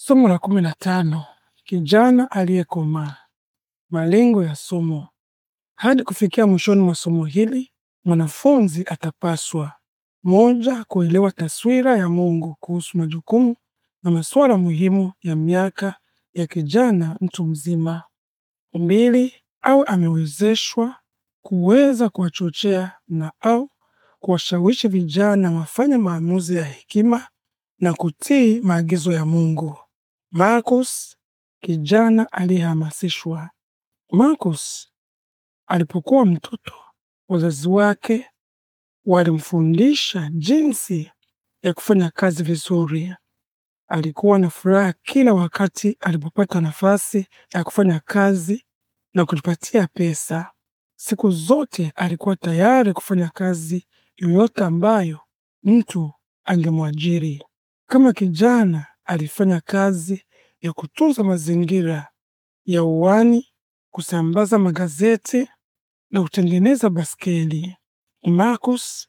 Somo la kumi na tano: kijana aliyekomaa. Malengo ya somo. Hadi kufikia mwishoni mwa somo hili, mwanafunzi atapaswa: moja, kuelewa taswira ya Mungu kuhusu majukumu na masuala muhimu ya miaka ya kijana mtu mzima; mbili, awe amewezeshwa kuweza kuwachochea na au kuwashawishi vijana wafanye maamuzi ya hekima na kutii maagizo ya Mungu. Markus, kijana aliyehamasishwa. Markus alipokuwa mtoto, wazazi wake walimfundisha jinsi ya kufanya kazi vizuri. Alikuwa na furaha kila wakati alipopata nafasi ya kufanya kazi na kujipatia pesa. Siku zote alikuwa tayari kufanya kazi yoyote ambayo mtu angemwajiri. Kama kijana alifanya kazi ya kutunza mazingira ya uwani, kusambaza magazeti na kutengeneza baskeli. Marcus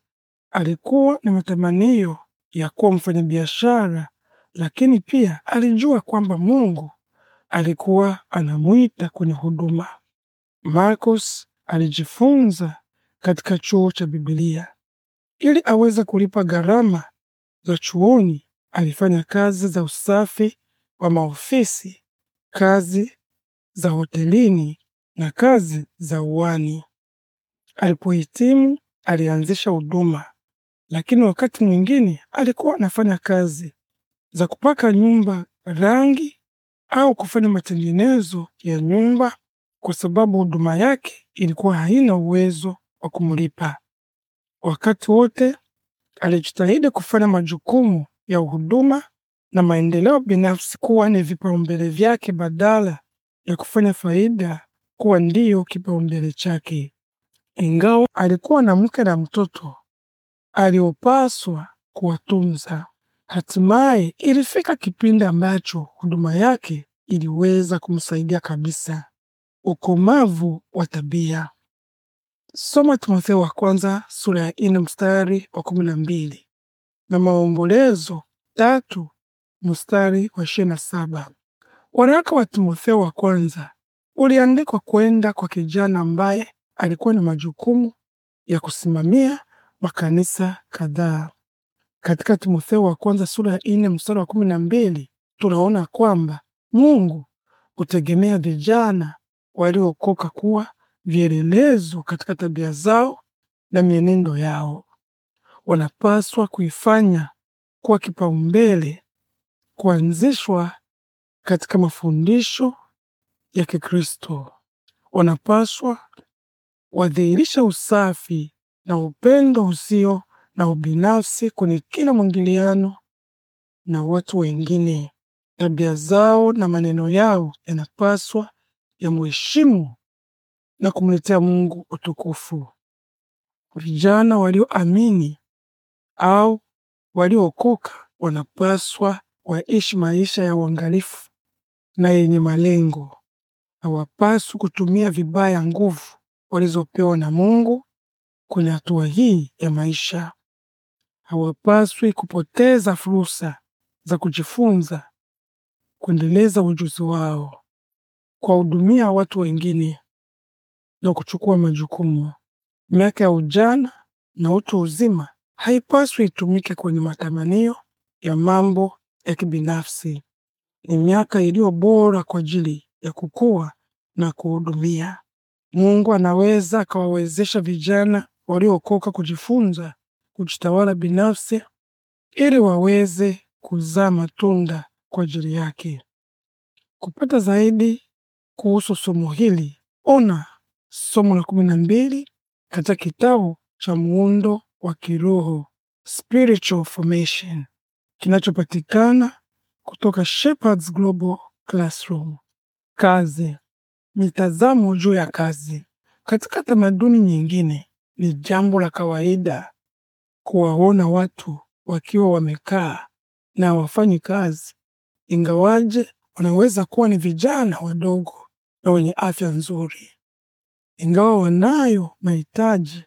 alikuwa na matamanio ya kuwa mfanyabiashara, lakini pia alijua kwamba Mungu alikuwa anamwita kwenye huduma. Marcus alijifunza katika chuo cha Biblia. Ili aweze kulipa gharama za chuoni, alifanya kazi za usafi wa maofisi, kazi za hotelini na kazi za uani. Alipohitimu alianzisha huduma, lakini wakati mwingine alikuwa anafanya kazi za kupaka nyumba rangi au kufanya matengenezo ya nyumba kwa sababu huduma yake ilikuwa haina uwezo wa kumlipa. Wakati wote alijitahidi kufanya majukumu ya huduma na maendeleo binafsi kuwa ni vipaumbele vyake badala ya kufanya faida kuwa ndiyo kipaumbele chake. Ingawa alikuwa na mke na mtoto aliopaswa kuwatunza, hatimaye ilifika kipindi ambacho huduma yake iliweza kumsaidia kabisa. Ukomavu wa tabia. Soma Timotheo wa kwanza sura ya nne mstari wa kumi na mbili na Maombolezo tatu mstari wa ishirini saba. Waraka wa Timotheo wa kwanza uliandikwa kwenda kwa kijana ambaye alikuwa na majukumu ya kusimamia makanisa kadhaa. Katika Timotheo wa kwanza sura ya nne mstari wa kumi na mbili tunaona kwamba Mungu hutegemea vijana waliokoka kuwa vielelezo katika tabia zao na mienendo yao. Wanapaswa kuifanya kuwa kipaumbele kuanzishwa katika mafundisho ya Kikristo. Wanapaswa wadhihirisha usafi na upendo usio na ubinafsi kwenye kila mwingiliano na watu wengine. Tabia zao na maneno yao yanapaswa yamheshimu na kumletea Mungu utukufu. Vijana walioamini au waliookoka wanapaswa waishi maisha ya uangalifu na yenye malengo. Hawapaswi kutumia vibaya nguvu walizopewa na Mungu kwenye hatua hii ya maisha. Hawapaswi kupoteza fursa za kujifunza, kuendeleza ujuzi wao, kuwahudumia watu wengine na kuchukua majukumu. Miaka ya ujana na utu uzima haipaswi itumike kwenye matamanio ya mambo kibinafsi. Ni miaka iliyo bora kwa ajili ya kukua na kuhudumia. Mungu anaweza akawawezesha vijana waliokoka kujifunza kujitawala binafsi ili waweze kuzaa matunda kwa ajili yake. Kupata zaidi kuhusu somo hili, ona somo la kumi na mbili katika kitabu cha Muundo wa Kiroho, Spiritual Formation kinachopatikana kutoka Shepherds Global Classroom. Kazi, mitazamo juu ya kazi. Katika tamaduni nyingine, ni jambo la kawaida kuwaona watu wakiwa wamekaa na wafanyi kazi, ingawaje wanaweza kuwa ni vijana wadogo na wenye afya nzuri, ingawa wanayo mahitaji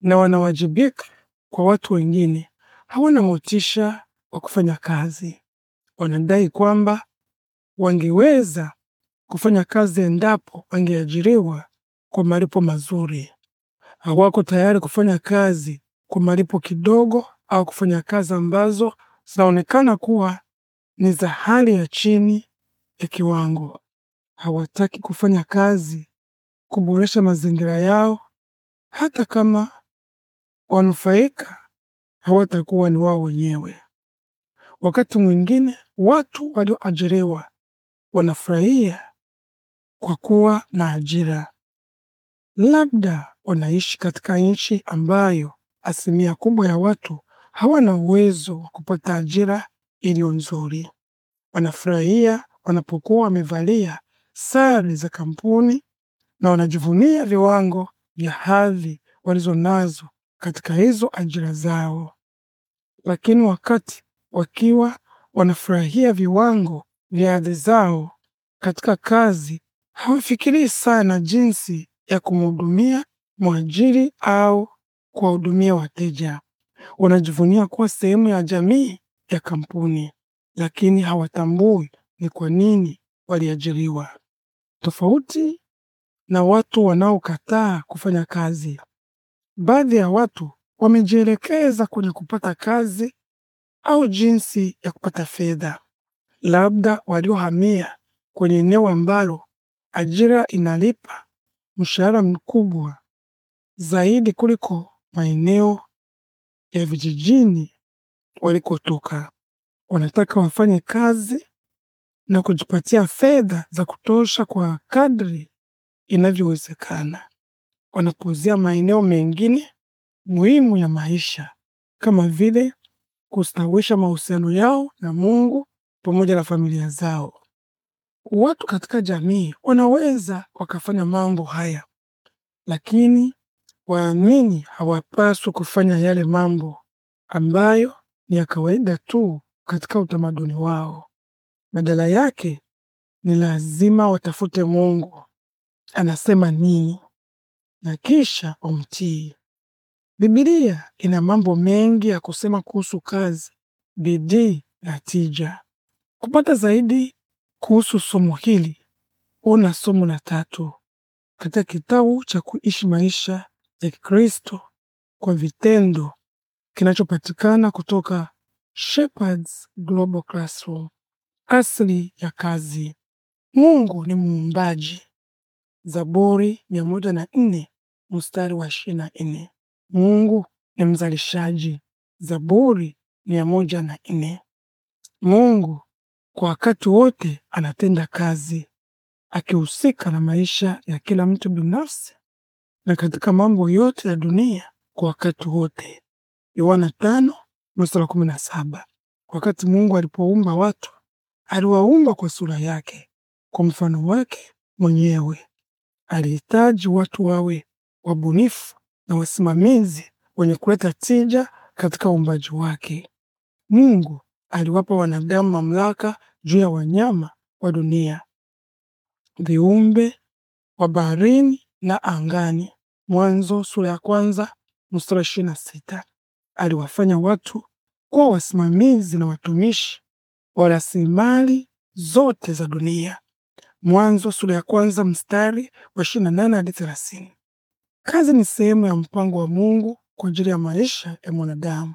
na wanawajibika kwa watu wengine, hawana motisha wa kufanya kazi. Wanadai kwamba wangeweza kufanya kazi endapo wangeajiriwa kwa malipo mazuri. Hawako tayari kufanya kazi kwa malipo kidogo au kufanya kazi ambazo zinaonekana kuwa ni za hali ya chini ya kiwango. Hawataki kufanya kazi kuboresha mazingira yao, hata kama wanufaika hawatakuwa ni wao wenyewe. Wakati mwingine watu walioajiriwa wanafurahia kwa kuwa na ajira. Labda wanaishi katika nchi ambayo asilimia kubwa ya watu hawana uwezo wa kupata ajira iliyo nzuri. Wanafurahia wanapokuwa wamevalia sare za kampuni na wanajivunia viwango vya hadhi nazo katika hizo ajira zao. Lakini wakati wakiwa wanafurahia viwango vya hadhi zao katika kazi, hawafikirii sana jinsi ya kumhudumia mwajiri au kuwahudumia wateja. Wanajivunia kuwa sehemu ya jamii ya kampuni, lakini hawatambui ni kwa nini waliajiriwa. Tofauti na watu wanaokataa kufanya kazi, baadhi ya watu wamejielekeza kwenye kupata kazi au jinsi ya kupata fedha. Labda waliohamia kwenye eneo ambalo ajira inalipa mshahara mkubwa zaidi kuliko maeneo ya vijijini walikotoka. Wanataka wafanye kazi na kujipatia fedha za kutosha kwa kadri inavyowezekana. Wanapuuzia maeneo mengine muhimu ya maisha kama vile kustawisha mahusiano yao na Mungu pamoja na familia zao. Watu katika jamii wanaweza wakafanya mambo haya, lakini waamini hawapaswi kufanya yale mambo ambayo ni ya kawaida tu katika utamaduni wao. Badala yake ni lazima watafute Mungu anasema nini na kisha wamtii. Biblia ina mambo mengi ya kusema kuhusu kazi, bidii na tija. Kupata zaidi kuhusu somo hili, ona somo la tatu katika kitabu cha Kuishi Maisha ya Kikristo kwa Vitendo kinachopatikana kutoka Shepherds Global Classroom. Asili ya kazi. Mungu ni muumbaji. Zaburi 104 mstari wa 24. Mungu ni mzalishaji. Zaburi mia moja na nne. Mungu kwa wakati wote anatenda kazi akihusika na maisha ya kila mtu binafsi na katika mambo yote ya dunia kwa wakati wote. Yohana tano mstari kumi na saba. Wakati Mungu alipoumba watu, aliwaumba kwa sura yake, kwa mfano wake mwenyewe. Alihitaji watu wawe wabunifu na wasimamizi wenye kuleta tija katika uumbaji wake. Mungu aliwapa wanadamu mamlaka juu ya wanyama wa dunia, viumbe wa baharini na angani. Mwanzo sura ya kwanza mstari ishirini na sita. Aliwafanya watu kuwa wasimamizi na watumishi wa rasilimali zote za dunia. Mwanzo sura ya kwanza mstari wa 28 hadi thelathini. Kazi ni sehemu ya mpango wa Mungu kwa ajili ya maisha ya mwanadamu.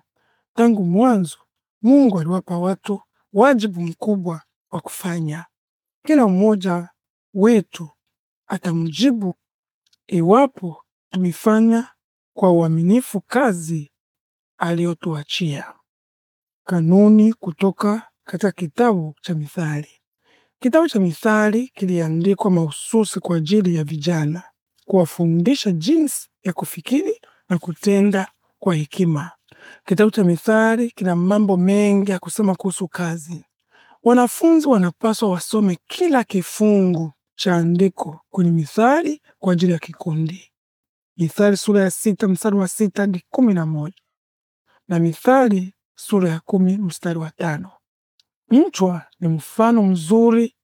Tangu mwanzo, Mungu aliwapa watu wajibu mkubwa wa kufanya. Kila mmoja wetu atamjibu iwapo amefanya kwa uaminifu kazi aliyotuachia. Kanuni kutoka katika kitabu cha Mithali. Kitabu cha Mithali kiliandikwa mahususi kwa ajili ya vijana kuwafundisha jinsi ya kufikiri na kutenda kwa hekima. Kitabu cha Mithali kina mambo mengi ya kusema kuhusu kazi. Wanafunzi wanapaswa wasome kila kifungu cha andiko kwenye Mithali kwa ajili ya kikundi. Mithali sura ya sita mstari wa sita hadi kumi na moja na Mithali sura ya kumi mstari wa tano. Mchwa ni mfano mzuri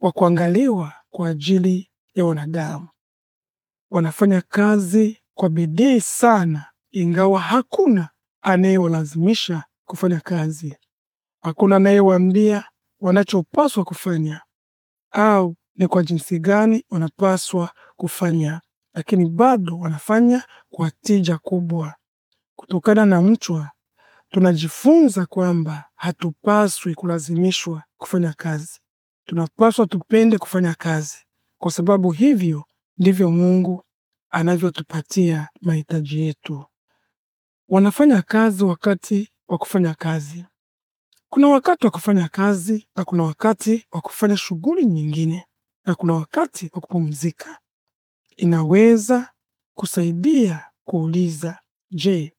wa kuangaliwa kwa ajili ya wanadamu wanafanya kazi kwa bidii sana, ingawa hakuna anayewalazimisha kufanya kazi. Hakuna anayewaambia wanachopaswa kufanya au ni kwa jinsi gani wanapaswa kufanya, lakini bado wanafanya kwa tija kubwa. Kutokana na Mchwa tunajifunza kwamba hatupaswi kulazimishwa kufanya kazi. Tunapaswa tupende kufanya kazi, kwa sababu hivyo ndivyo Mungu anavyotupatia mahitaji yetu. Wanafanya kazi wakati wa kufanya kazi. Kuna wakati wa kufanya kazi na kuna wakati wa kufanya shughuli nyingine na kuna wakati wa kupumzika. Inaweza kusaidia kuuliza, je,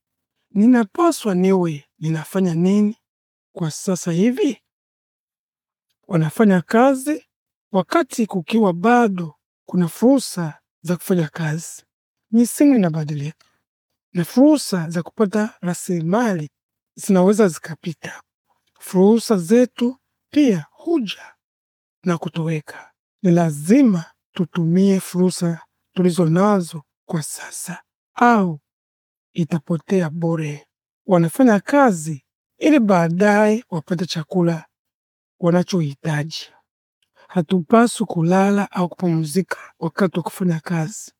ninapaswa niwe ninafanya nini kwa sasa hivi? Wanafanya kazi wakati kukiwa bado kuna fursa za kufanya kazi, misingi inabadilika na fursa za kupata rasilimali zinaweza zikapita. Fursa zetu pia huja na kutoweka. Ni lazima tutumie fursa tulizo nazo kwa sasa, au itapotea bure. Wanafanya kazi ili baadaye wapate chakula wanachohitaji hatupaswi kulala au kupumzika wakati wa kufanya kazi.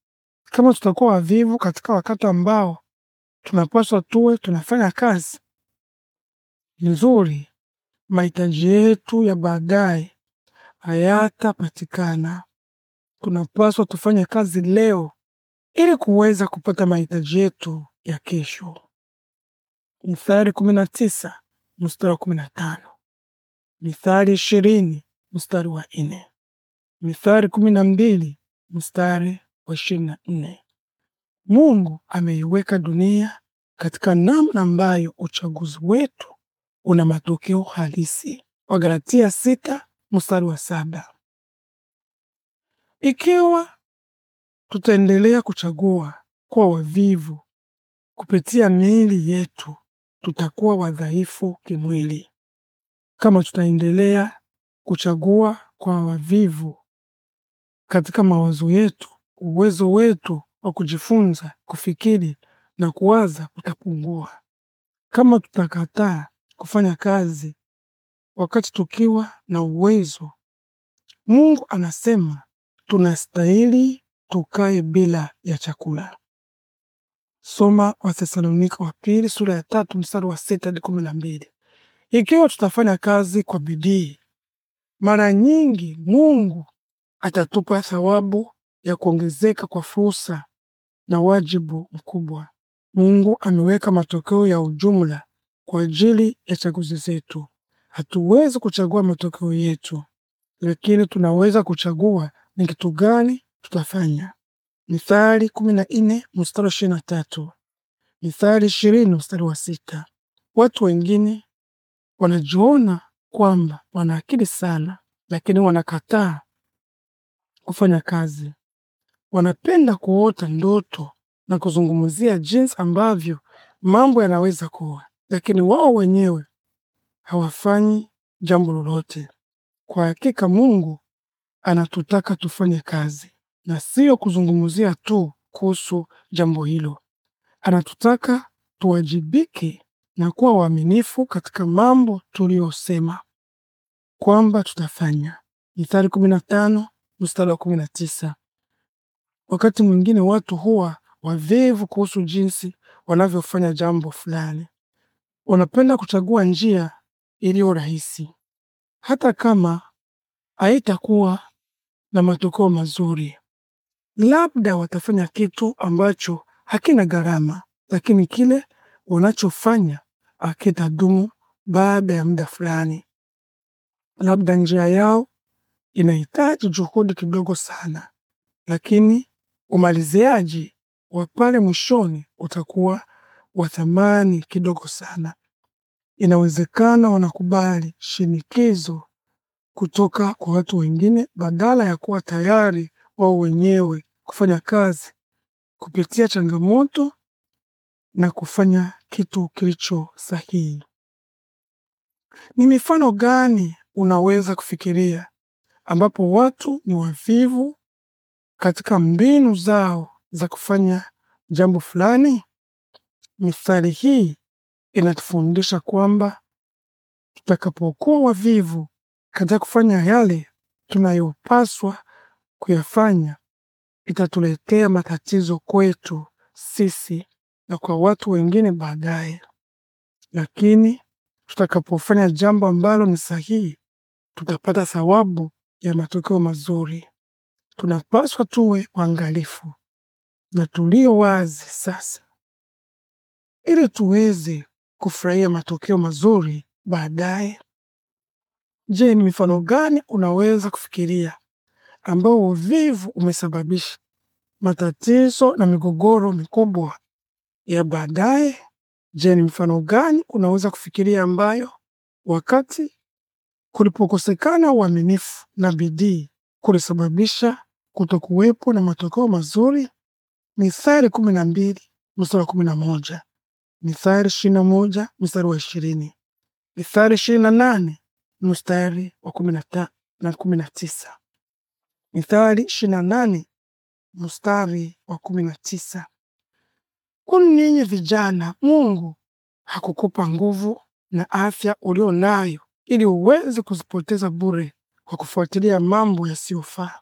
Kama tutakuwa wavivu katika wakati ambao tunapaswa tuwe tunafanya kazi nzuri, mahitaji yetu ya baadaye hayatapatikana. Tunapaswa tufanye kazi leo ili kuweza kupata mahitaji yetu ya kesho. Mithali 19 mstari wa 15, Mithali 20 mstari wa nne Mithali kumi na mbili mstari wa ishirini na nne Mungu ameiweka dunia katika namna ambayo uchaguzi wetu una matokeo halisi. Wagalatia sita mstari wa saba Ikiwa tutaendelea kuchagua kwa wavivu kupitia miili yetu, tutakuwa wadhaifu kimwili. Kama tutaendelea kuchagua kwa wavivu. Katika mawazo yetu, uwezo wetu wa kujifunza, kufikiri na kuwaza utapungua kama tutakataa kufanya kazi wakati tukiwa na uwezo. Mungu anasema tunastahili tukae bila ya chakula. Soma Wathesalonika wa pili sura ya tatu mstari wa sita hadi kumi na mbili. Ikiwa tutafanya kazi kwa bidii mara nyingi Mungu atatupa thawabu ya kuongezeka kwa fursa na wajibu mkubwa. Mungu ameweka matokeo ya ujumla kwa ajili ya chaguzi zetu. Hatuwezi kuchagua matokeo yetu, lakini tunaweza kuchagua ni kitu gani tutafanya. Mithali 14 mstari wa 23, Mithali 20 mstari wa sita. Watu wengine wanajiona kwamba wana akili sana, lakini wanakataa kufanya kazi. Wanapenda kuota ndoto na kuzungumzia jinsi ambavyo mambo yanaweza kuwa, lakini wao wenyewe hawafanyi jambo lolote. Kwa hakika Mungu anatutaka tufanye kazi na siyo kuzungumzia tu kuhusu jambo hilo. Anatutaka tuwajibike na kuwa waaminifu katika mambo tuliyosema kwamba tutafanya. Mithali 15 mstari wa 19. Wakati mwingine watu huwa wavivu kuhusu jinsi wanavyofanya jambo fulani. Wanapenda kuchagua njia iliyo rahisi, hata kama haitakuwa na matokeo mazuri. Labda watafanya kitu ambacho hakina gharama, lakini kile wanachofanya akitadumu baada ya muda fulani. Labda njia yao inahitaji juhudi kidogo sana, lakini umaliziaji wa pale mwishoni utakuwa wa thamani kidogo sana. Inawezekana wanakubali shinikizo kutoka kwa watu wengine badala ya kuwa tayari wao wenyewe kufanya kazi kupitia changamoto na kufanya kitu kilicho sahihi. Ni mifano gani unaweza kufikiria ambapo watu ni wavivu katika mbinu zao za kufanya jambo fulani? Mithali hii inatufundisha kwamba tutakapokuwa wavivu katika kufanya yale tunayopaswa kuyafanya, itatuletea matatizo kwetu sisi na kwa watu wengine baadaye. Lakini tutakapofanya jambo ambalo ni sahihi, tutapata thawabu ya matokeo mazuri. Tunapaswa tuwe waangalifu na tulio wazi sasa, ili tuweze kufurahia matokeo mazuri baadaye. Je, ni mifano gani unaweza kufikiria ambao uvivu umesababisha matatizo na migogoro mikubwa ya baadaye. Je, ni mfano gani unaweza kufikiria ambayo wakati kulipokosekana uaminifu na bidii kulisababisha kutokuwepo na matokeo mazuri? Mithali kumi na mbili mstari wa kumi na moja Mithali ishirini na moja mstari wa ishirini Mithali ishirini na nane mstari wa kumi na tisa Mithali ishirini na nane mstari wa kumi na tisa kwani ninyi vijana, Mungu hakukupa nguvu na afya ulio nayo ili uweze kuzipoteza bure kwa kufuatilia mambo yasiyofaa.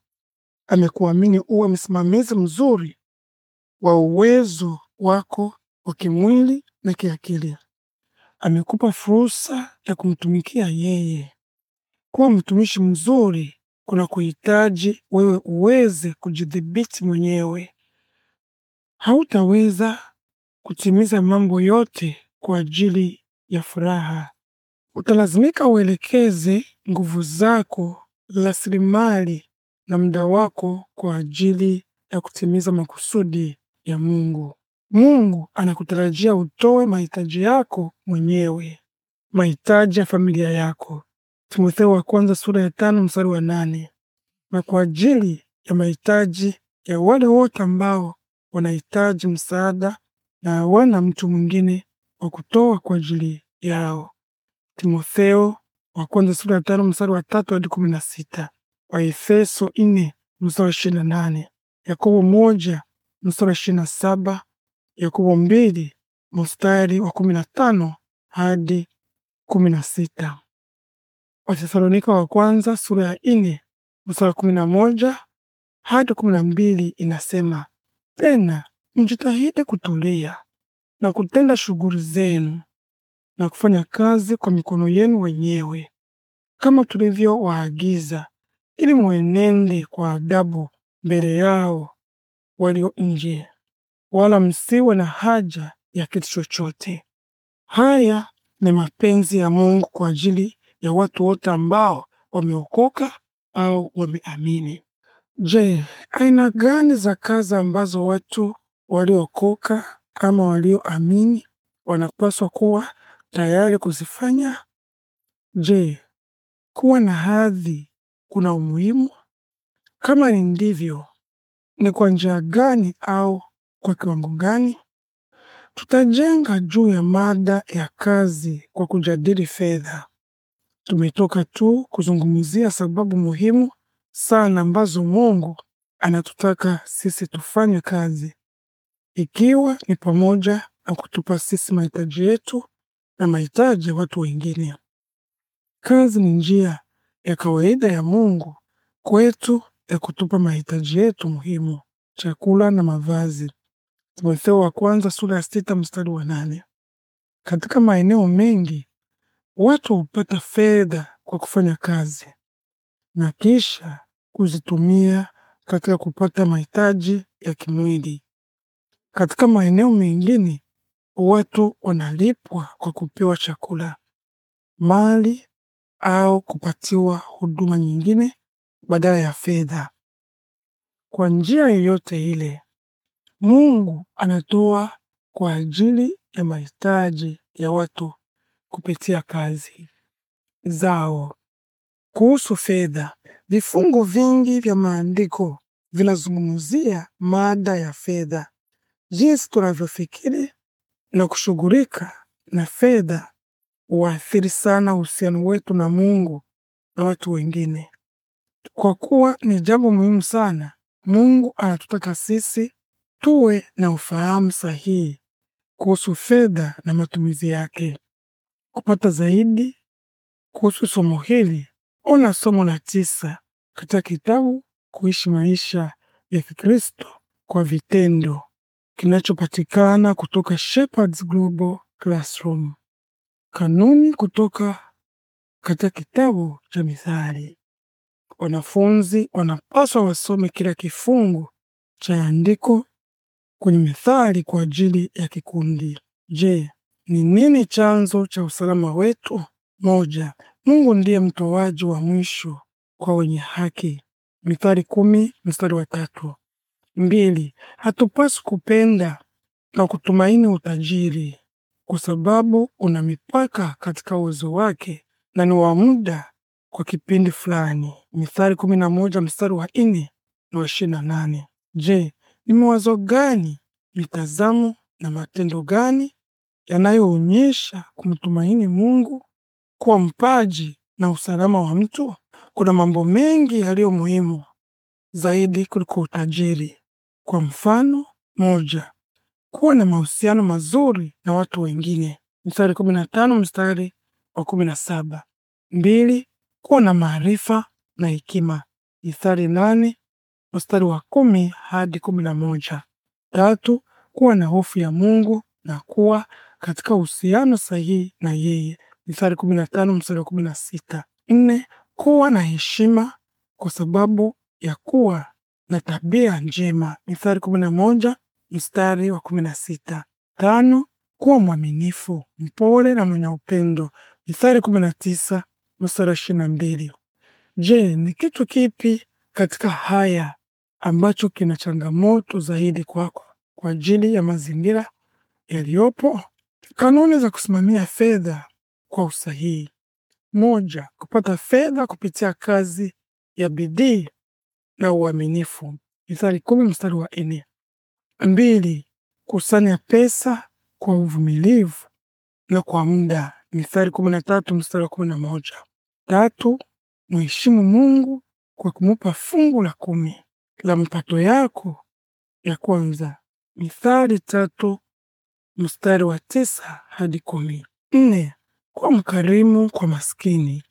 Amekuamini uwe msimamizi mzuri wa uwezo wako wa kimwili na kiakili. Amekupa fursa ya kumtumikia yeye. Kuwa mtumishi mzuri kuna kuhitaji wewe uweze kujidhibiti mwenyewe. Hautaweza kutimiza mambo yote kwa ajili ya furaha. Utalazimika uelekeze nguvu zako, rasilimali na muda wako kwa ajili ya kutimiza makusudi ya Mungu. Mungu anakutarajia utoe mahitaji yako mwenyewe, mahitaji ya familia yako Timotheo wa kwanza sura ya tano mstari wa nane na kwa ajili ya mahitaji ya wale wote ambao wanahitaji msaada na wala mtu mwingine wa kutoa kwa ajili yao. Timotheo wa kwanza sura ya tano mstari wa tatu hadi kumi na sita Waefeso nne mstari wa ishirini na nane Yakobo moja mstari wa ishirini na saba Yakobo mbili mstari wa kumi na tano hadi kumi na sita Watesalonika wa kwanza sura ya nne mstari wa kumi na moja hadi kumi na mbili inasema tena mjitahidi kutulia na kutenda shughuli zenu na kufanya kazi kwa mikono yenu wenyewe kama tulivyowaagiza, ili mwenende kwa adabu mbele yao walio nje, wala msiwe na haja ya kitu chochote. Haya ni mapenzi ya Mungu kwa ajili ya watu wote ambao wameokoka au wameamini. Je, aina gani za kazi ambazo watu waliokoka ama walioamini wanapaswa kuwa tayari kuzifanya? Je, kuwa na hadhi kuna umuhimu? Kama ni ndivyo, ni kwa njia gani au kwa kiwango gani? Tutajenga juu ya mada ya kazi kwa kujadili fedha. Tumetoka tu kuzungumzia sababu muhimu sana ambazo Mungu anatutaka sisi tufanye kazi ikiwa ni pamoja na kutupa sisi mahitaji yetu na mahitaji ya watu wengine. Kazi ni njia ya kawaida ya Mungu kwetu ya kutupa mahitaji yetu muhimu: chakula na mavazi. Timotheo wa kwanza sura ya sita mstari wa nane. Katika maeneo mengi watu hupata fedha kwa kufanya kazi na kisha kuzitumia katika kupata mahitaji ya kimwili. Katika maeneo mengine watu wanalipwa kwa kupewa chakula, mali au kupatiwa huduma nyingine badala ya fedha. Kwa njia yoyote ile, Mungu anatoa kwa ajili ya mahitaji ya watu kupitia kazi zao. Kuhusu fedha, vifungo vingi vya maandiko vinazungumzia mada ya fedha jinsi tunavyofikiri na kushughulika na fedha huathiri sana uhusiano wetu na Mungu na watu wengine. Kwa kuwa ni jambo muhimu sana, Mungu anatutaka sisi tuwe na ufahamu sahihi kuhusu fedha na matumizi yake. Kupata zaidi kuhusu somo hili, ona somo la tisa katika kitabu Kuishi Maisha ya Kikristo kwa Vitendo kinachopatikana kutoka Shepherds Global Classroom. Kanuni kutoka katika kitabu cha Mithali. Wanafunzi wanapaswa wasome kila kifungu cha andiko kwenye Mithali kwa ajili ya kikundi. Je, ni nini chanzo cha usalama wetu? Moja, Mungu ndiye mtoaji wa mwisho kwa wenye haki. Mithali kumi mstari wa tatu. Mbili, hatupaswi kupenda na kutumaini utajiri kwa sababu una mipaka katika uwezo wake na ni wa muda kwa kipindi fulani. Mithali 11 mstari wa 4 na 28. Je, ni mawazo gani, mitazamo na matendo gani yanayoonyesha kumtumaini Mungu kuwa mpaji na usalama wa mtu? Kuna mambo mengi yaliyo muhimu zaidi kuliko utajiri. Kwa mfano, moja, kuwa na mahusiano mazuri na watu wengine, mstari 15 mstari wa 17. Mbili, kuwa na maarifa na hekima, mstari 8 mstari wa 10 hadi 11. Tatu, kuwa na hofu ya Mungu na kuwa katika uhusiano sahihi na yeye, na 15 mstari wa 16. Nne, kuwa na heshima kwa sababu ya kuwa na tabia njema. Mithali kumi na moja mstari wa kumi na sita. Tano, kuwa mwaminifu, mpole na mwenye upendo. Mithali kumi na tisa mstari wa ishirini na mbili. Je, ni kitu kipi katika haya ambacho kina changamoto zaidi kwako kwa ajili ya mazingira yaliyopo? Kanuni za kusimamia fedha kwa usahihi. Moja, kupata fedha kupitia kazi ya bidii na uaminifu. Mithali kumi mstari wa nne. Mbili, kusanya pesa kwa uvumilivu na kwa muda. Mithali kumi na tatu mstari wa kumi na moja. Tatu, mheshimu Mungu kwa kumupa fungu la kumi la mapato yako ya kwanza. Mithali tatu mstari wa tisa hadi kumi. Nne, kwa mkarimu kwa maskini.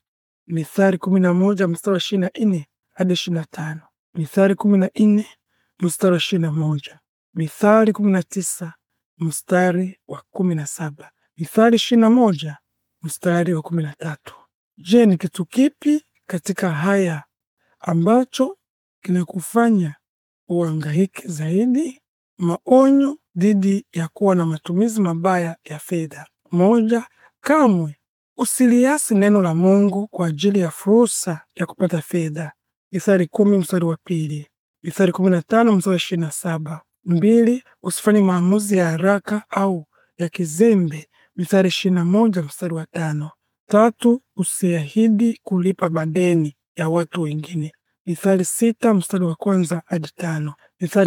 Mithali kumi na moja mstari wa ishirini na nne hadi ishirini na tano. Mithali kumi na nne mstari wa ishirini na moja Mithali kumi na tisa mstari wa kumi na saba Mithali ishirini na moja mstari wa kumi na tatu Je, ni kitu kipi katika haya ambacho kinakufanya uhangaike zaidi? Maonyo dhidi ya kuwa na matumizi mabaya ya fedha. Moja, kamwe usiliasi neno la Mungu kwa ajili ya fursa ya kupata fedha, Isari kumi mstari wa pili. Isari kumi na tano mstari wa ishirini na saba. Mbili, usifanye maamuzi ya haraka au ya kizembe. Mithali ishirini na moja mstari wa tano. Tatu, usiahidi kulipa madeni ya watu wengine. Mithali sita mstari wa kwanza hadi tano.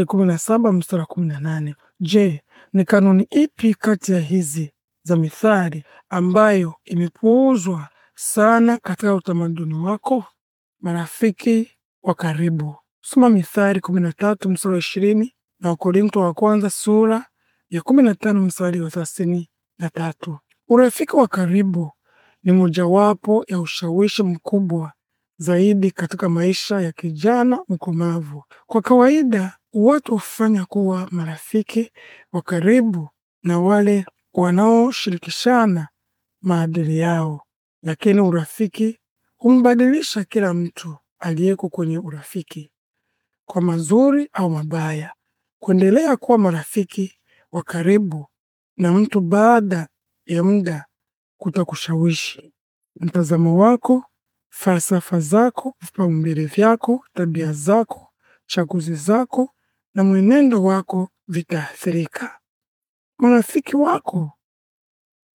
kumi na saba mstari wa kumi na nane. Je, ni kanuni ipi kati ya hizi za mithali ambayo imepuuzwa sana katika utamaduni wako? marafiki wa karibu. Soma Mithali 13 na mstari wa 20 na Wakorinto wa kwanza sura ya 15 na mstari wa thelathini na tatu. Urafiki wa karibu ni mojawapo ya ushawishi mkubwa zaidi katika maisha ya kijana mkomavu. Kwa kawaida, watu hufanya kuwa marafiki wa karibu na wale wanaoshirikishana maadili yao, lakini urafiki humbadilisha kila mtu aliyeko kwenye urafiki kwa mazuri au mabaya. Kuendelea kuwa marafiki wa karibu na mtu baada ya muda kutakushawishi mtazamo wako, falsafa zako, vipaumbele vyako, tabia zako, chaguzi zako na mwenendo wako vitaathirika. Marafiki wako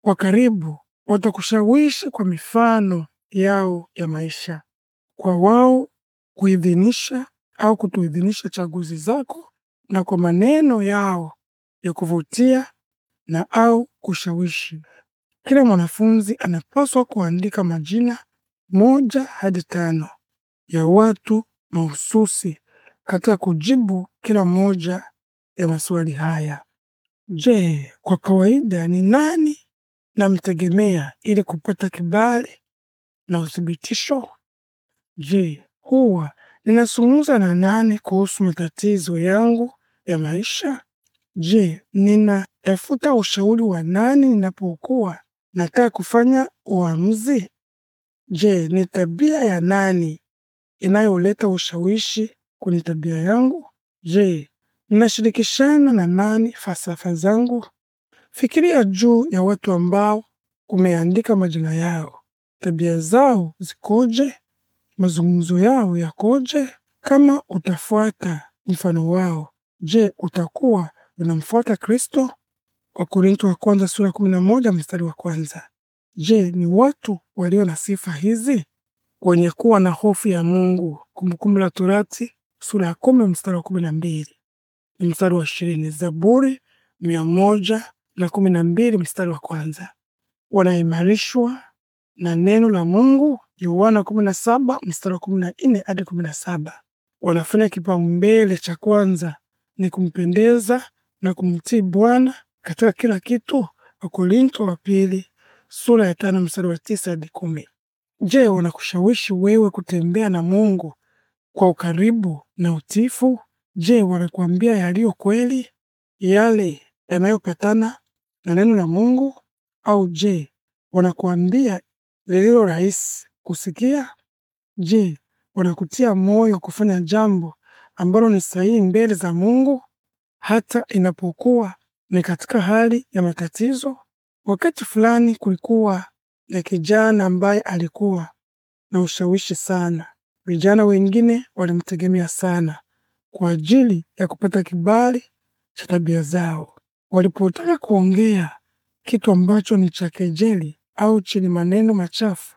wa karibu watakushawishi kwa mifano yao ya maisha, kwa wao kuidhinisha au kutuidhinisha chaguzi zako, na kwa maneno yao ya kuvutia na au kushawishi. Kila mwanafunzi anapaswa kuandika majina moja hadi tano ya watu mahususi katika kujibu kila moja ya maswali haya. Je, kwa kawaida ni nani namtegemea ili kupata kibali na uthibitisho? Je, huwa ninazungumza na nani kuhusu matatizo yangu ya maisha? Je, ninatafuta ushauri wa nani ninapokuwa nataka kufanya uamuzi? Je, ni tabia ya nani inayoleta ushawishi kwenye tabia yangu? Je, ninashirikishana na nani falsafa zangu? Fikiria juu ya watu ambao umeandika majina yao tabia zao zikoje, mazungumzo yao yakoje? Kama utafuata mfano wao, je, utakuwa unamfuata Kristo? Wakorintho wa kwanza sura kumi na moja mstari wa kwanza. Je, ni watu walio na sifa hizi? Wenye kuwa na hofu ya Mungu. Kumbukumbu la Torati sura ya kumi mstari wa kumi na mbili mstari wa ishirini Zaburi mia moja na kumi na mbili mstari wa kwanza. Wanaimarishwa na neno la Mungu, Yohana 17 mstari wa 14 hadi 17. Wanafanya kipaumbele cha kwanza ni kumpendeza na kumtii Bwana katika kila kitu. Wakorintho wa pili sura ya 5 mstari wa 9 hadi 10. Je, wanakushawishi wewe kutembea na Mungu kwa ukaribu na utifu Je, wanakuambia yaliyo kweli, yale yanayopatana na neno la Mungu, au je wanakuambia lililo rahisi kusikia? Je, wanakutia moyo kufanya jambo ambalo ni sahihi mbele za Mungu hata inapokuwa ni katika hali ya matatizo? Wakati fulani kulikuwa na kijana ambaye alikuwa na ushawishi sana. Vijana wengine walimtegemea sana kwa ajili ya kupata kibali cha tabia zao. Walipotaka kuongea kitu ambacho ni cha kejeli au chini maneno machafu,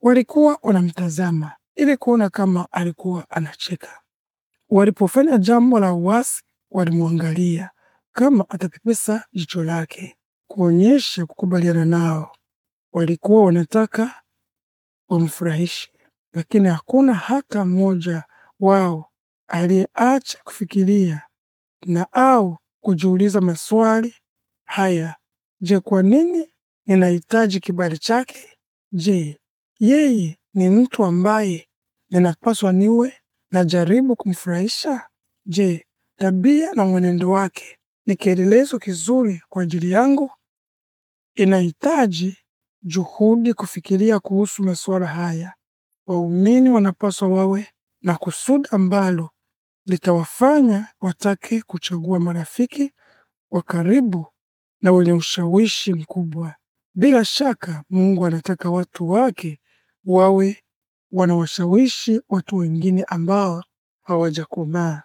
walikuwa wanamtazama ili kuona kama alikuwa anacheka. Walipofanya jambo la uasi, walimwangalia kama atapepesa jicho lake kuonyesha kukubaliana nao. Walikuwa wanataka wamfurahishe, lakini hakuna hata mmoja wao aliyeacha kufikiria na au kujiuliza maswali haya: je, kwa nini ninahitaji kibali chake? Je, yeye ni mtu ambaye ninapaswa niwe najaribu kumfurahisha? Je, tabia na mwenendo wake ni kielelezo kizuri kwa ajili yangu? Inahitaji juhudi kufikiria kuhusu masuala haya. Waumini wanapaswa wawe na kusudi ambalo litawafanya watake kuchagua marafiki wa karibu na wenye ushawishi mkubwa. Bila shaka Mungu anataka watu wake wawe wanawashawishi watu wengine ambao hawajakomaa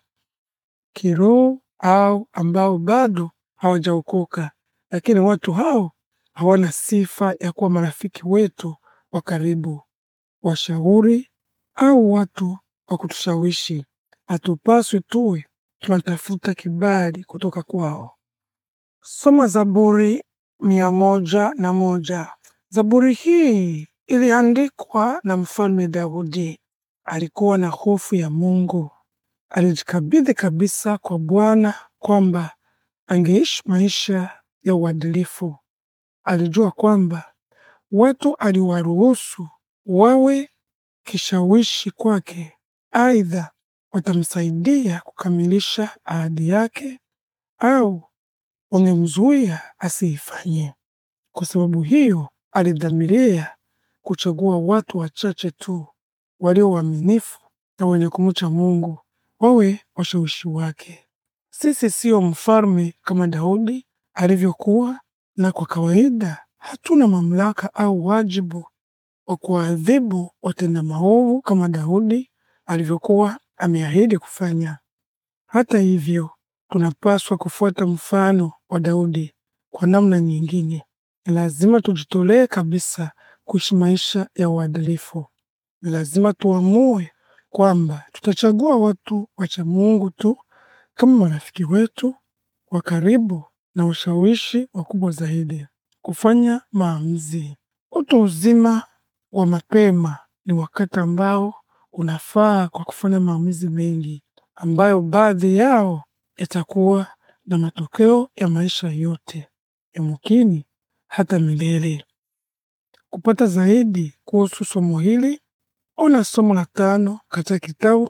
kiroho au ambao bado hawajaokoka, lakini watu hao hawana sifa ya kuwa marafiki wetu wa karibu, washauri au watu wa kutushawishi. Hatupaswi tuwe tunatafuta kibali kutoka kwao. Soma Zaburi mia moja na moja. Zaburi hii iliandikwa na Mfalme Daudi. Alikuwa na hofu ya Mungu, alijikabidhi kabisa kwa Bwana kwamba angeishi maisha ya uadilifu. Alijua kwamba watu aliwaruhusu wawe kishawishi kwake, aidha watamsaidia kukamilisha ahadi yake au wamemzuia asiifanyie. Kwa sababu hiyo alidhamiria kuchagua watu wachache tu walio waaminifu na wenye kumcha Mungu wawe washawishi wake. Sisi siyo mfalme kama Daudi alivyokuwa, na kwa kawaida hatuna mamlaka au wajibu wa kuadhibu watenda maovu kama Daudi alivyokuwa ameahidi kufanya. Hata hivyo tunapaswa kufuata mfano wa Daudi. Kwa namna nyingine, ni lazima tujitolee kabisa kuishi maisha ya uadilifu. Ni lazima tuamue kwamba tutachagua watu wacha Mungu tu kama marafiki wetu wa karibu na ushawishi wakubwa zaidi. Kufanya maamuzi. Utu uzima wa mapema ni wakati ambao unafaa kwa kufanya maamuzi mengi ambayo baadhi yao itakuwa na matokeo ya maisha yote, yamkini hata milele. Kupata zaidi kuhusu somo hili, ona somo la tano katika kitabu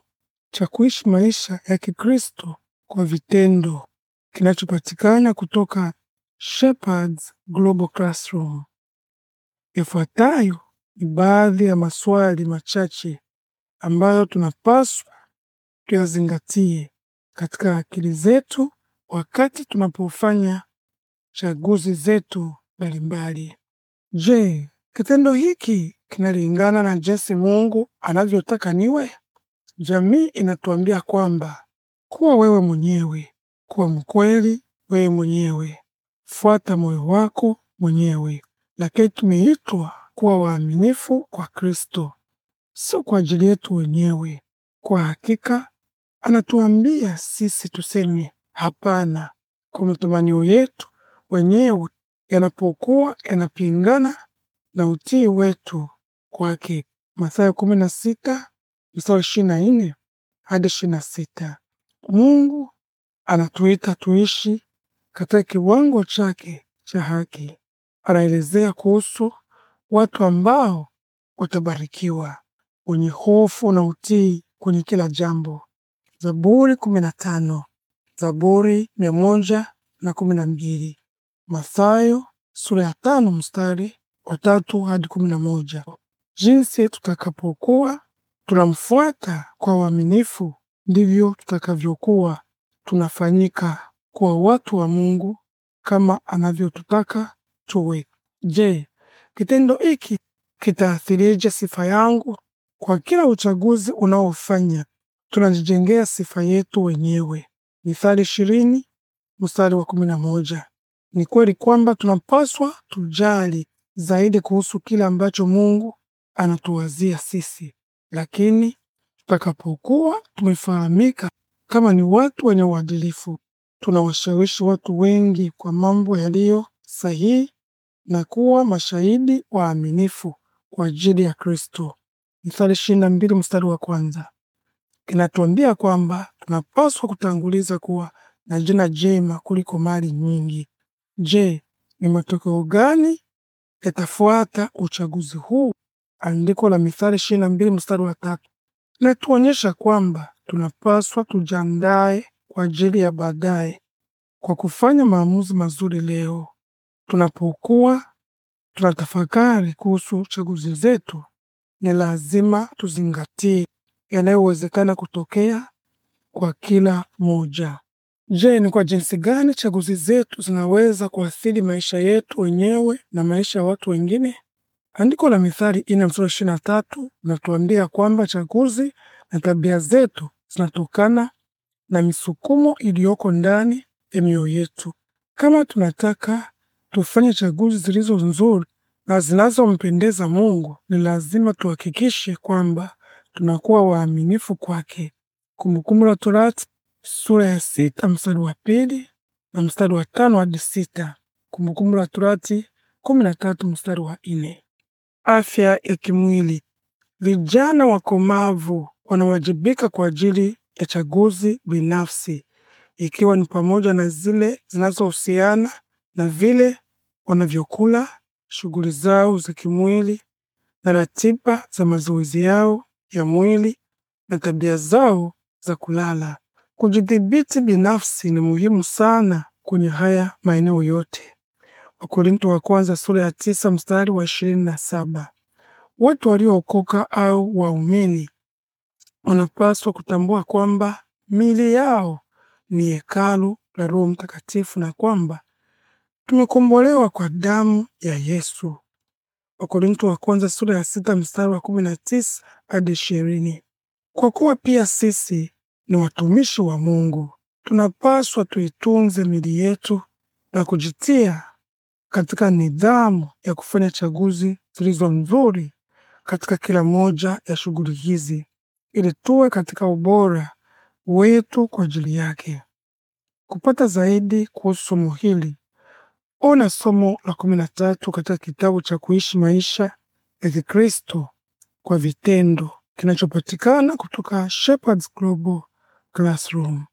cha kuishi maisha ya Kikristo kwa vitendo kinachopatikana kutoka Shepherds Global Classroom. Ifuatayo ni baadhi ya maswali machache ambayo tunapaswa tuyazingatie katika akili zetu wakati tunapofanya chaguzi zetu mbalimbali. Je, kitendo hiki kinalingana na jinsi Mungu anavyotaka niwe? Jamii inatuambia kwamba kuwa wewe mwenyewe, kuwa mkweli wewe mwenyewe, fuata moyo wako mwenyewe, lakini tumeitwa kuwa waaminifu kwa Kristo, sio kwa ajili yetu wenyewe. Kwa hakika anatuambia sisi tuseme hapana kwa matamanio yetu wenyewe yanapokuwa yanapingana na utii wetu kwake. Mathayo kumi na sita mstari ishirini na nne hadi ishirini na sita. Mungu anatuita tuishi katika kiwango chake cha haki. Anaelezea kuhusu watu ambao watabarikiwa, wenye hofu na utii kwenye kila jambo. Zaburi kumi na tano Zaburi mia moja na kumi na mbili Mathayo sura ya tano mstari wa tatu hadi kumi na moja Jinsi tutakapokuwa tunamfuata kwa uaminifu, ndivyo tutakavyokuwa tunafanyika kuwa watu wa Mungu kama anavyotutaka tuwe. Je, kitendo hiki kitaathirije sifa yangu kwa kila uchaguzi unaofanya? tunajijengea sifa yetu wenyewe. Mithali ishirini mstari wa kumi na moja. Ni kweli kwamba tunapaswa tujali zaidi kuhusu kile ambacho Mungu anatuwazia sisi, lakini tutakapokuwa tumefahamika kama ni watu wenye uadilifu, tunawashawishi watu wengi kwa mambo yaliyo sahihi na kuwa mashahidi waaminifu kwa ajili ya Kristo. Mithali 22 mstari wa kwanza inatuambia kwamba tunapaswa kutanguliza kuwa na jina jema kuliko mali nyingi. Je, ni matokeo gani yatafuata uchaguzi huu? Andiko la Mithali 22 na mbili mstari wa tatu natuonyesha kwamba tunapaswa tujandae kwa ajili ya baadaye kwa kufanya maamuzi mazuri leo. Tunapokuwa tunatafakari kuhusu chaguzi zetu, ni lazima tuzingatie yanayowezekana kutokea kwa kila moja. Je, ni kwa jinsi gani chaguzi zetu zinaweza kuathiri maisha yetu wenyewe na maisha ya watu wengine? Andiko la Mithali ina mstari ishirini na tatu natuambia kwamba chaguzi na tabia zetu zinatokana na misukumo iliyoko ndani ya mioyo yetu. Kama tunataka tufanye chaguzi zilizo nzuri na zinazompendeza Mungu, ni lazima tuhakikishe kwamba tunakuwa waaminifu kwake. Kumbukumbu la Torati sura ya sita mstari wa pili na mstari wa tano hadi sita. Kumbukumbu la Torati kumi na tatu mstari wa nne. Afya ya kimwili. Vijana wakomavu wanawajibika kwa ajili ya chaguzi binafsi, ikiwa ni pamoja na zile zinazohusiana na vile wanavyokula, shughuli zao za kimwili na ratiba za mazoezi yao ya mwili na tabia zao za kulala. Kujidhibiti binafsi ni muhimu sana kwenye haya maeneo yote. Wakorinto wa kwanza sura ya tisa mstari wa ishirini na saba. Watu waliookoka au waumini wanapaswa kutambua kwamba mili yao ni hekalu la Roho Mtakatifu na kwamba tumekombolewa kwa damu ya Yesu. Wakorintho wa kwanza sura ya sita mstari wa kumi na tisa hadi ishirini. Kwa kuwa pia sisi ni watumishi wa Mungu, tunapaswa tuitunze mili yetu na kujitia katika nidhamu ya kufanya chaguzi zilizo nzuri katika kila moja ya shughuli hizi, ili tuwe katika ubora wetu kwa ajili yake. Kupata zaidi kuhusu somo hili Ona somo la kumi na tatu katika kitabu cha Kuishi Maisha ya Kikristo kwa Vitendo kinachopatikana kutoka Shepherds Global Classroom.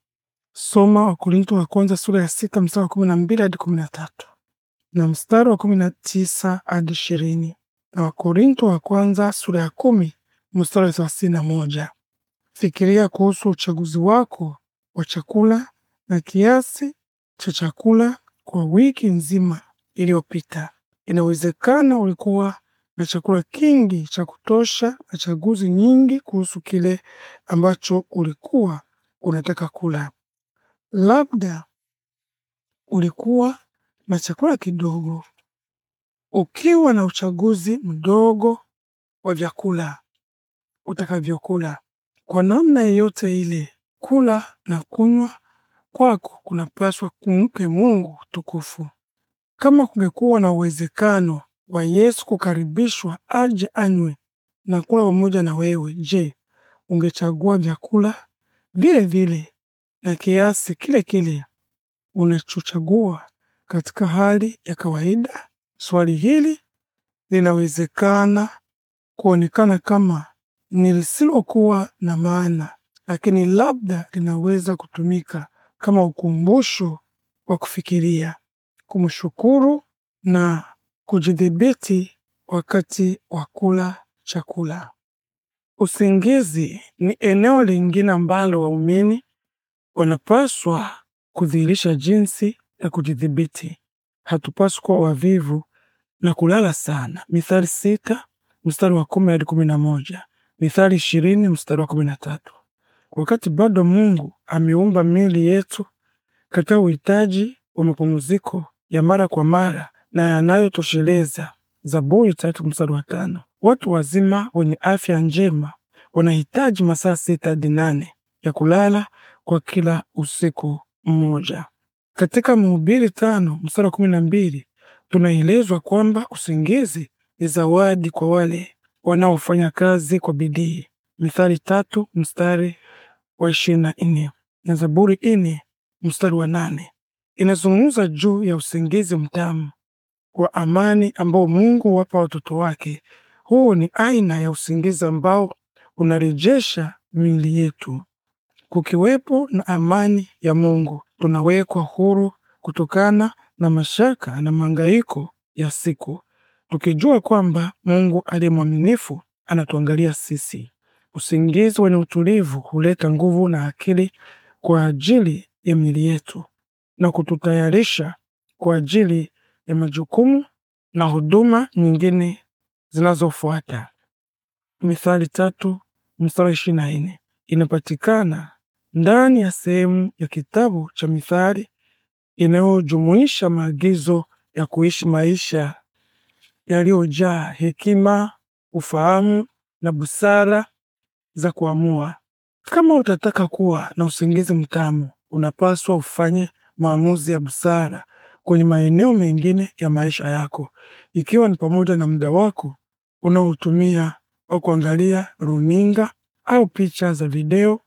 Soma wa Korinto wa kwanza sura ya sita mstari wa kumi na mbili hadi kumi na tatu na mstari wa kumi na tisa hadi ishirini na Wakorintho wa kwanza sura ya kumi mstari wa thelathini na moja. Fikiria kuhusu uchaguzi wako wa chakula na kiasi cha chakula kwa wiki nzima iliyopita. Inawezekana ulikuwa na chakula kingi cha kutosha na chaguzi nyingi kuhusu kile ambacho ulikuwa unataka kula. Labda ulikuwa na chakula kidogo, ukiwa na uchaguzi mdogo wa vyakula utakavyokula. Kwa namna yeyote ile, kula na kunywa kwako kunapaswa kumpe Mungu tukufu. Kama kungekuwa na uwezekano wa Yesu kukaribishwa aje anywe na kula pamoja na wewe, je, ungechagua vyakula vile vile na kiasi kile kile unachochagua katika hali ya kawaida? Swali hili linawezekana kuonekana kama nilisilokuwa na maana, lakini labda linaweza kutumika kama ukumbusho wa kufikiria, kumshukuru na kujidhibiti wakati wa kula chakula. Usingizi ni eneo lingine ambalo waumini wanapaswa kudhihirisha jinsi ya kujidhibiti. Hatupaswi kuwa wavivu na kulala sana. Mithali sita mstari wa kumi hadi kumi na moja Mithali ishirini mstari wa kumi na tatu wakati bado Mungu ameumba miili yetu katika uhitaji wa mapumziko ya mara kwa mara na yanayotosheleza. Zaburi tatu mstari wa tano. Watu wazima wenye afya njema wanahitaji masaa sita hadi nane ya kulala kwa kila usiku mmoja. Katika Mhubiri tano mstari wa kumi na mbili tunaelezwa kwamba usingizi ni zawadi kwa wale wanaofanya kazi kwa bidii. Mithali tatu mstari wa ishirini na nne na Zaburi nne mstari wa nane inazungumza juu ya usingizi mtamu wa amani ambao Mungu wapa watoto wake. Huu ni aina ya usingizi ambao unarejesha miili yetu. Kukiwepo na amani ya Mungu, tunawekwa huru kutokana na mashaka na mahangaiko ya siku, tukijua kwamba Mungu aliye mwaminifu anatuangalia sisi. Usingizi wenye utulivu huleta nguvu na akili kwa ajili ya miili yetu na kututayarisha kwa ajili ya majukumu na huduma nyingine zinazofuata. Mithali tatu mstari ishirini na nne inapatikana ndani ya sehemu ya kitabu cha Mithali inayojumuisha maagizo ya kuishi maisha yaliyojaa hekima, ufahamu na busara za kuamua. Kama utataka kuwa na usingizi mtamu, unapaswa ufanye maamuzi ya busara kwenye maeneo mengine ya maisha yako, ikiwa ni pamoja na muda wako unaotumia au kuangalia runinga au picha za video,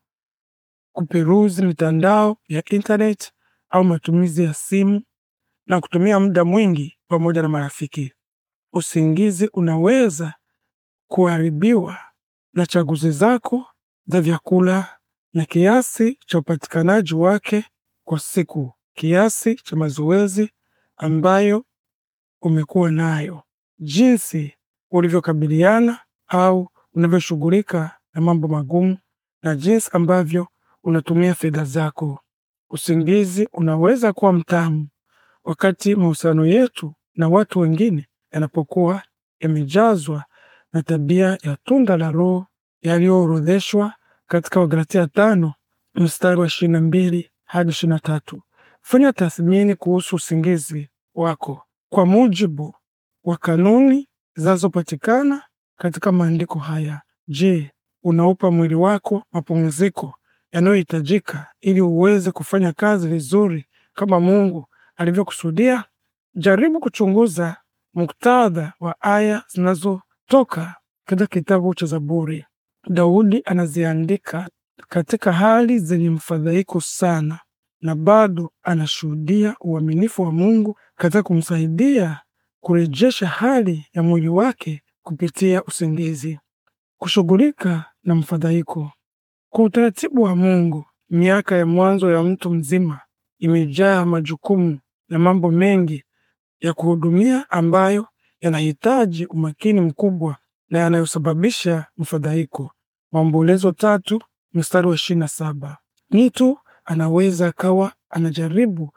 kuperuzi mitandao ya internet au matumizi ya simu na kutumia muda mwingi pamoja na marafiki. Usingizi unaweza kuharibiwa na chaguzi zako za vyakula na kiasi cha upatikanaji wake kwa siku, kiasi cha mazoezi ambayo umekuwa nayo, jinsi ulivyokabiliana au unavyoshughulika na mambo magumu, na jinsi ambavyo unatumia fedha zako. Usingizi unaweza kuwa mtamu wakati mahusiano yetu na watu wengine yanapokuwa yamejazwa na tabia ya tunda la Roho yaliyoorodheshwa katika Wagalatia tano mstari wa ishirini na mbili hadi ishirini na tatu. Fanya tathmini kuhusu usingizi wako kwa mujibu wa kanuni zinazopatikana katika maandiko haya. Je, unaupa mwili wako mapumziko yanayohitajika ili uweze kufanya kazi vizuri kama Mungu alivyokusudia? Jaribu kuchunguza muktadha wa aya zinazo kutoka katika kitabu cha Zaburi, Daudi anaziandika katika hali zenye mfadhaiko sana, na bado anashuhudia uaminifu wa Mungu katika kumsaidia kurejesha hali ya moyo wake kupitia usingizi. Kushughulika na mfadhaiko kwa utaratibu wa Mungu. Miaka ya mwanzo ya mtu mzima imejaa majukumu na mambo mengi ya kuhudumia ambayo yanahitaji umakini mkubwa na yanayosababisha mfadhaiko. Maombolezo tatu mstari wa ishirini na saba. Mtu anaweza akawa anajaribu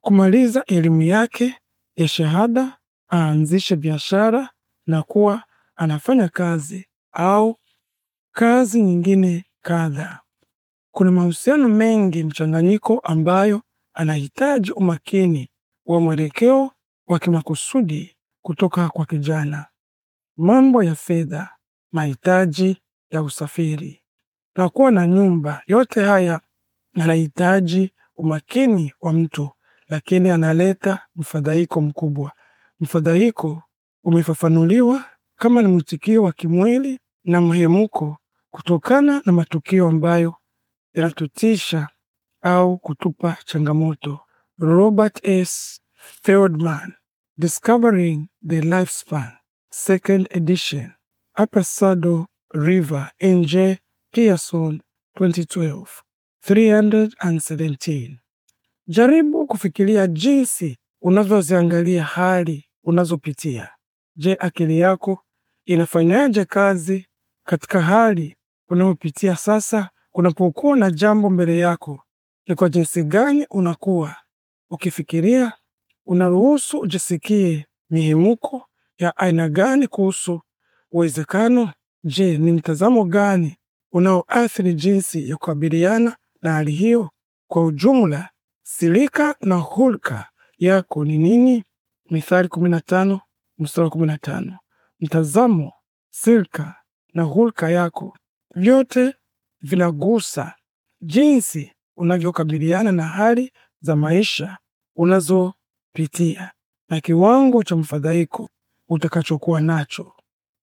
kumaliza elimu yake ya shahada, aanzishe biashara na kuwa anafanya kazi au kazi nyingine kadhaa. Kuna mahusiano mengi mchanganyiko ambayo anahitaji umakini wa mwelekeo wa kimakusudi kutoka kwa kijana, mambo ya fedha, mahitaji ya usafiri na kuwa na nyumba. Yote haya yanahitaji umakini wa mtu, lakini analeta mfadhaiko mkubwa. Mfadhaiko umefafanuliwa kama ni mwitikio wa kimwili na mhemuko kutokana na matukio ambayo yanatutisha au kutupa changamoto. Robert S. Feldman Discovering the Lifespan, Second Edition, Upper River, NJ, Pearson, 2012, 317. Jaribu kufikiria jinsi unavyoziangalia hali unazopitia. Je, akili yako inafanyaje kazi katika hali unayopitia sasa? Kunapokuwa na jambo mbele yako, ni kwa jinsi gani unakuwa ukifikiria unaruhusu ujisikie mihimuko ya aina gani kuhusu uwezekano? Je, ni mtazamo gani unaoathiri jinsi ya kukabiliana na hali hiyo? Kwa ujumla, silika na hulka yako ni nini? Mithali 15 mstari 15. Mtazamo, silika na hulka yako vyote vinagusa jinsi unavyokabiliana na hali za maisha unazo pitia na kiwango cha mfadhaiko utakachokuwa nacho.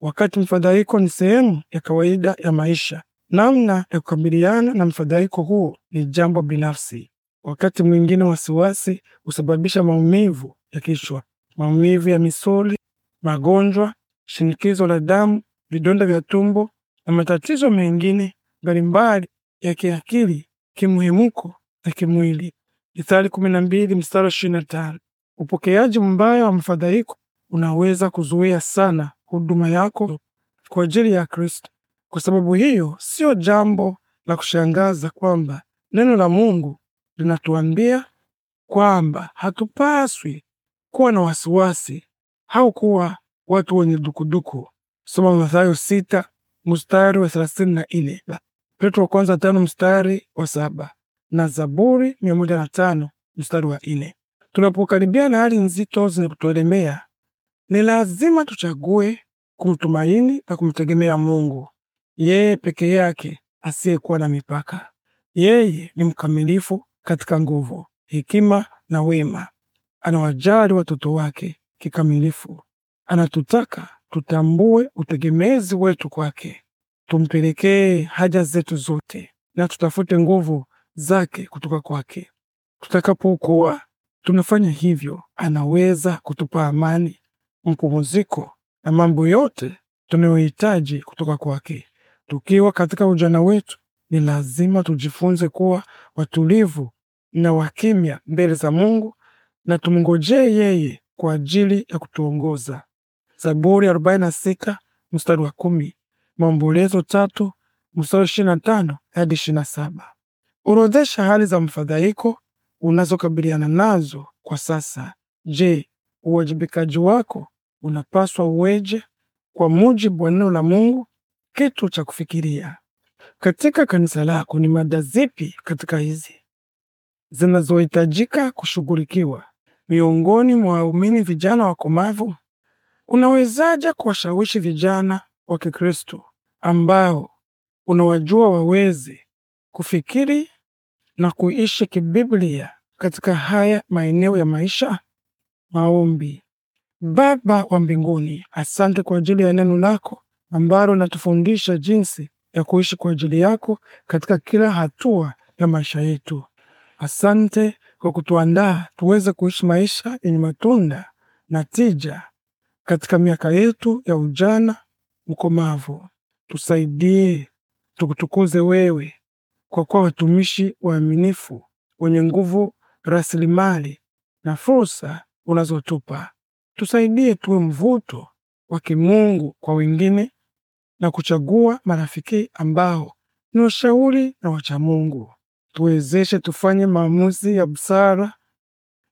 Wakati mfadhaiko ni sehemu ya kawaida ya maisha, namna ya kukabiliana na mfadhaiko huo ni jambo binafsi. Wakati mwingine, wasiwasi husababisha maumivu ya kichwa, maumivu ya misuli, magonjwa, shinikizo la damu, vidonda vya tumbo na matatizo mengine mbalimbali ya kiakili, kimuhimuko na kimwili. Mithali 12 mstari Upokeaji mbaya wa mfadhaiko unaweza kuzuia sana huduma yako kwa ajili ya Kristo. Kwa sababu hiyo, sio jambo la kushangaza kwamba neno la Mungu linatuambia kwamba hatupaswi kuwa na wasiwasi au kuwa watu wenye dukuduku. Soma Mathayo sita mstari wa thelathini na nne Petro wa kwanza tano mstari wa saba na Zaburi mia moja na tano mstari wa nne. Tunapokaribia na hali nzito zinazotuelemea, ni lazima tuchague kumtumaini na kumtegemea Mungu, yeye peke yake asiyekuwa na mipaka. Yeye ni mkamilifu katika nguvu, hekima na wema. Anawajali watoto wake kikamilifu. Anatutaka tutambue utegemezi wetu kwake, tumpelekee haja zetu zote na tutafute nguvu zake kutoka kwake. Tutakapokuwa tunafanya hivyo, anaweza kutupa amani, mapumziko na mambo yote tunayohitaji kutoka kwake. Tukiwa katika ujana wetu, ni lazima tujifunze kuwa watulivu na wakimya mbele za Mungu na tumngojee yeye kwa ajili ya kutuongoza. Zaburi 46 mstari wa kumi, Maombolezo tatu mstari wa 25 hadi 27. Orodhesha hali za mfadhaiko unazokabiliana nazo kwa sasa. Je, uwajibikaji wako unapaswa uweje kwa mujibu wa neno la Mungu? Kitu cha kufikiria katika kanisa lako ni mada zipi katika hizi zinazohitajika kushughulikiwa? Miongoni mwa waumini vijana wakomavu, unawezaje kuwashawishi vijana wa Kikristo ambao unawajua waweze kufikiri na kuishi kibiblia katika haya maeneo ya maisha. Maombi. Baba wa mbinguni, asante kwa ajili ya neno lako ambalo natufundisha jinsi ya kuishi kwa ajili yako katika kila hatua ya maisha yetu. Asante kwa kutuandaa tuweze kuishi maisha yenye matunda na tija katika miaka yetu ya ujana mkomavu. Tusaidie tukutukuze wewe kwa kuwa watumishi waaminifu wenye nguvu, rasilimali na fursa unazotupa. Tusaidie tuwe mvuto wa kimungu kwa wengine na kuchagua marafiki ambao ni washauri na wachamungu. Tuwezeshe tufanye maamuzi ya busara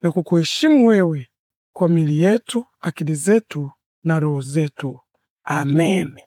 na kukuheshimu wewe kwa mili yetu, akili zetu na roho zetu. Amen.